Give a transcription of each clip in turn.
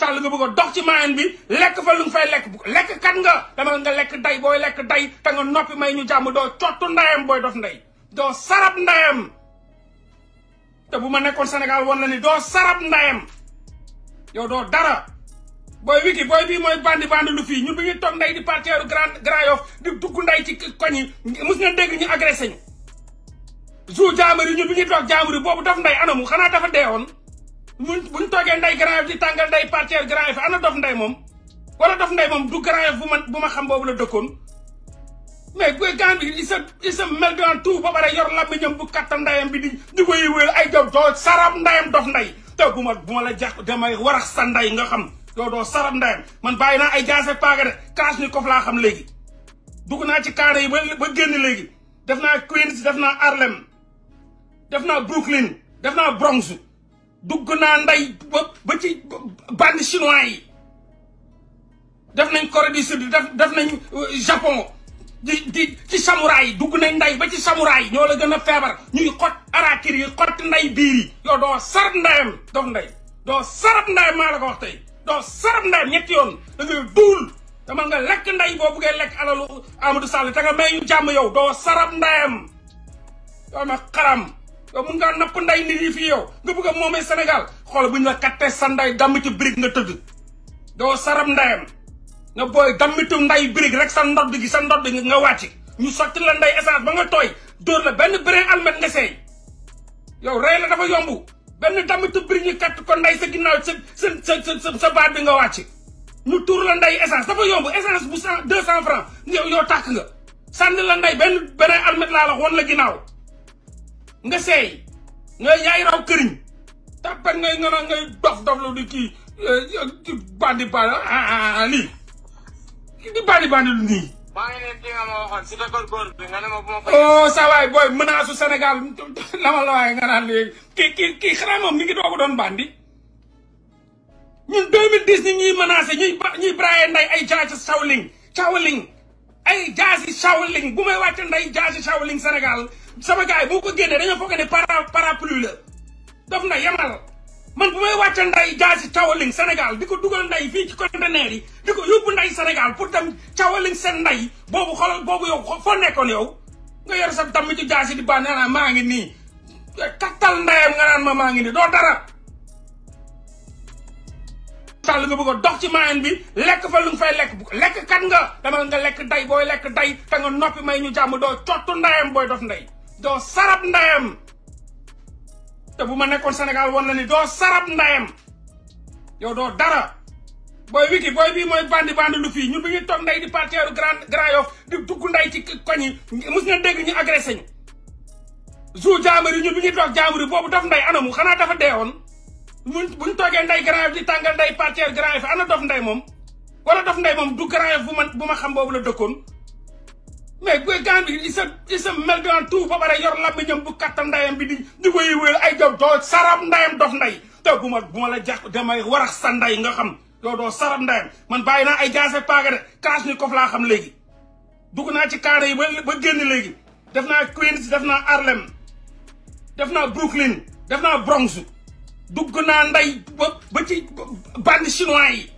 sàll nga bëgg a dox ci maayen bi lekk fa lu nga fay lekk lekk kat nga dama nga lekk day booy lekk day te nga noppi may ñu jàmm doo cottu ndayam booy dof nday doo sarab ndayam te bu ma nekkoon Sénégal woon la ni doo sarab ndayam yow doo dara boy wiki boy bii mooy bandi bandi lu fii ñun bi ñuy toog nday di parteeru grand grand yoff di dugg nday ci koñ yi mus na dégg ñu agressé ñu jou jaamari ñun bi ñuy toog jaamari boobu dof nday anamu xanaa dafa deewoon buñ buñ toogee nday Grand Yoff di tàngal nday partière Grand Yoff ana dof nday moom wala dof nday moom du Grand Yoff bu ma bu ma xam boobu la dëkkoon mais guy gaan bi il se il se mel doon ba pare yor làmmiñam bu kattan ndayam bi di di wéy wéyal ay dof doo sarab ndayam dof nday te bu ma bu ma la jax damay warax sa nday nga xam yow doo sarab ndayam man bàyyi naa ay jaase paaga de Kalachnikov laa xam léegi dugg naa ci carré yi ba ba génn léegi def naa Queens def naa Harlem def naa Brooklyn def naa Bronx dugg naa nday ba ci bandi chinois yi def nañ Corée du Sud def def nañ euh, Japon di ci samouraay yi dugg nañ nday ba ci samouraay yi ñoo la gën a feebar ñuy xot arakir yi xot nday biir yi yow doo sarab ndayam dof nday doo sarab ndayam maa la ko tey doo sarab ndayam ñetti yoon da ngay duul nga lekk nday boo buggee lekk alalu Amadou Sall te nga may ñu jàmm yow doo sarab ndayam yow ma xaram yow mun ngaa napp nday nit yi fii yow nga bugg a moomee Sénégal xool bu ñu la kattee sa nday damm ci brique nga tëdd doo sarab ndayam nga booy dammitu nday brique rek sa ndodd gi sa ndodd gi nga wàcc ñu sotti la nday essence ba nga tooy dóor la benn brin almet nga seey yow rey la dafa yomb benn dammitu brique ñu katt ko nday sa ginnaaw sa sa sa sa baat bi nga wàcc ñu tuur la nday essence dafa yomb essence bu cent deux cent francs yow yow tàkk nga sànni la nday benn benn almet laa la woon la ginnaaw nga seey nga yaay raw këriñ tappat ngay nga a ngay dof dof lu di kii eh, ah, ah, ah, bandi bandi lu nii maa ngi leen di nga ma waxoon si dëkk nga ne ma bu ma ko. oh saa waay booy menace su Sénégal la ma mi ngi doog doon bandi ñun 2010 ñi ñuy ay caa ca Saoling Saoling ay jaasi Shaolin bu may wàcce nday jaasi Shaolin Sénégal sama gars yi boo ko génnee dañoo foog ne para parapluie la daf na yemal man bu may wàcce nday jaasi Shaolin Sénégal di ko dugal nday fii ci conteneur yi di ko yóbbu nday Sénégal pour dem Shaolin seen nday boobu xolal boobu yow foo nekkoon yow nga yor sa damm ci jaasi di baax nee naa maa ngi nii kattal ndayam nga naan ma maa ngi nii doo dara Sall nga bëgg a dox ci maayen bi lekk fa lu nga fay lekk lekk kat nga dama nga lekk day booy lekk day te nga noppi may ñu jàmm doo cottu ndayam booy dof nday doo sarab ndayam te bu ma nekkoon Sénégal woon na ni doo sarab ndayam yow doo dara booy wiki booy bii mooy bandi bandi lu fii ñun bi ñuy toog nday di parteeru grand grand yof di dugg nday ci koñ yi mus nga dégg ñu agressé ñu jou jaamari ñun bi ñuy toog jaamari boobu dof nday anamu xanaa dafa deewoon buñ buñ toogee nday Grand Yoff di tàngal nday partière Grand Yoff ana dof nday moom wala dof nday moom du Grand Yoff bu ma bu ma xam boobu la dëkkoon mais gaan bi il se il se mêle dans tout ba pare yor làmmiñam bu katta ndayam bi di di koy wéyal ay dof doo sarab ndayam dof nday te bu ma bu ma la jàpp damay warax sa nday nga xam yow doo sarab ndayam man bàyyi naa ay jaase paaga de kaas ni kof laa xam léegi dugg naa ci kaara yi bo ba génn léegi def naa Queens def naa Harlem def naa Brooklyn def naa Bronx dugg naa ndey ba ba ci bànn chinois yi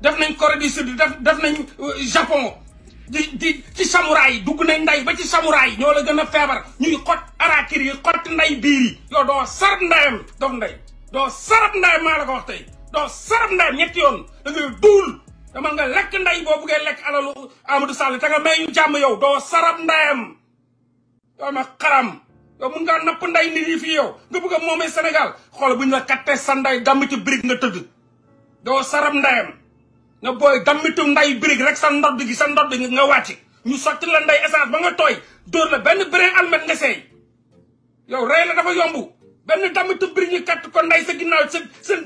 def nañ Corée du Sud def nañ euh, Japon ci samouraay yi dugg nañ ndey ba ci samouraay yi ñoo la gën a feebar ñuy xot araakir yi xot ndey biir yi yow doo sarab ndeyam dof ndey doo sarab ndeyam maa la ko wax doo sarab ndeyam ñetti yoon da ngay dama nga lekk nday boo buggee lekk alalu Amadou Sall te nga may ñu yow doo sarab ndeyam yow ma xaram yow mun ngaa napp nday nit yi fii yow nga bëgg a moomee Sénégal xool bu ñu la kattee sa nday damm ci birig nga tëdd doo sarab ndayam nga booy dammitu nday birig rek sa ndodd gi sa ndodd gi nga wàcc ñu sotti la nday essence ba nga tooy dóor la benn brin almet nga seey yow rey la dafa yomb benn dammitu birig ñu katt ko nday sa ginnaaw sa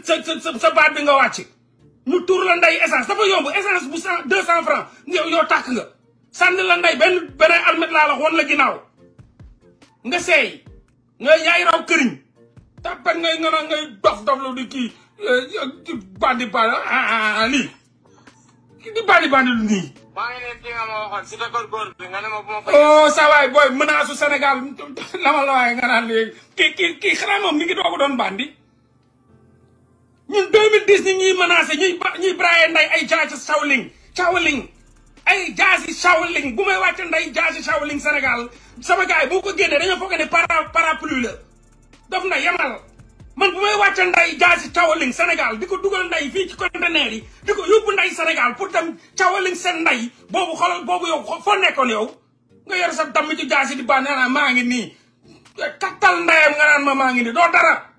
sa sa sa baat bi nga wàcc ñu tuur la ndey essence dafa yomb essence bu sa deux cent francs yow yow tàkk nga sànni la nday benn benn almet laa woon la ginnaaw nga seey nga yaay raw këriñ tàppet nga ngay dof dof la di eh, ah, ah, ah, kii di bandi bandi lu nii. maa ngi leen di su oh, Sénégal lama la waaye nga naan léegi kii kii kii xanaa moom mi ngi a doon bandi ñun 2010 ñu ngi menacé ñuy ñuy braaye nday ay caa ca Shaolin Shaolin ay jaasi Shaolin bu may wàcce nday jaasi Shaolin Sénégal sama gars yi boo ko génnee dañoo foog ne para parapluie la daf na yemal man bu may wàcce nday jaasi Shaolin Sénégal di ko dugal nday fii ci conteneur yi di ko yóbbu nday Sénégal pour dem Shaolin seen nday boobu xoolal boobu yow foo nekkoon yow nga yor sa damm ci jaasi di baax nee naa maa ngi nii kattal ndayam nga naan ma maa ngi nii doo dara.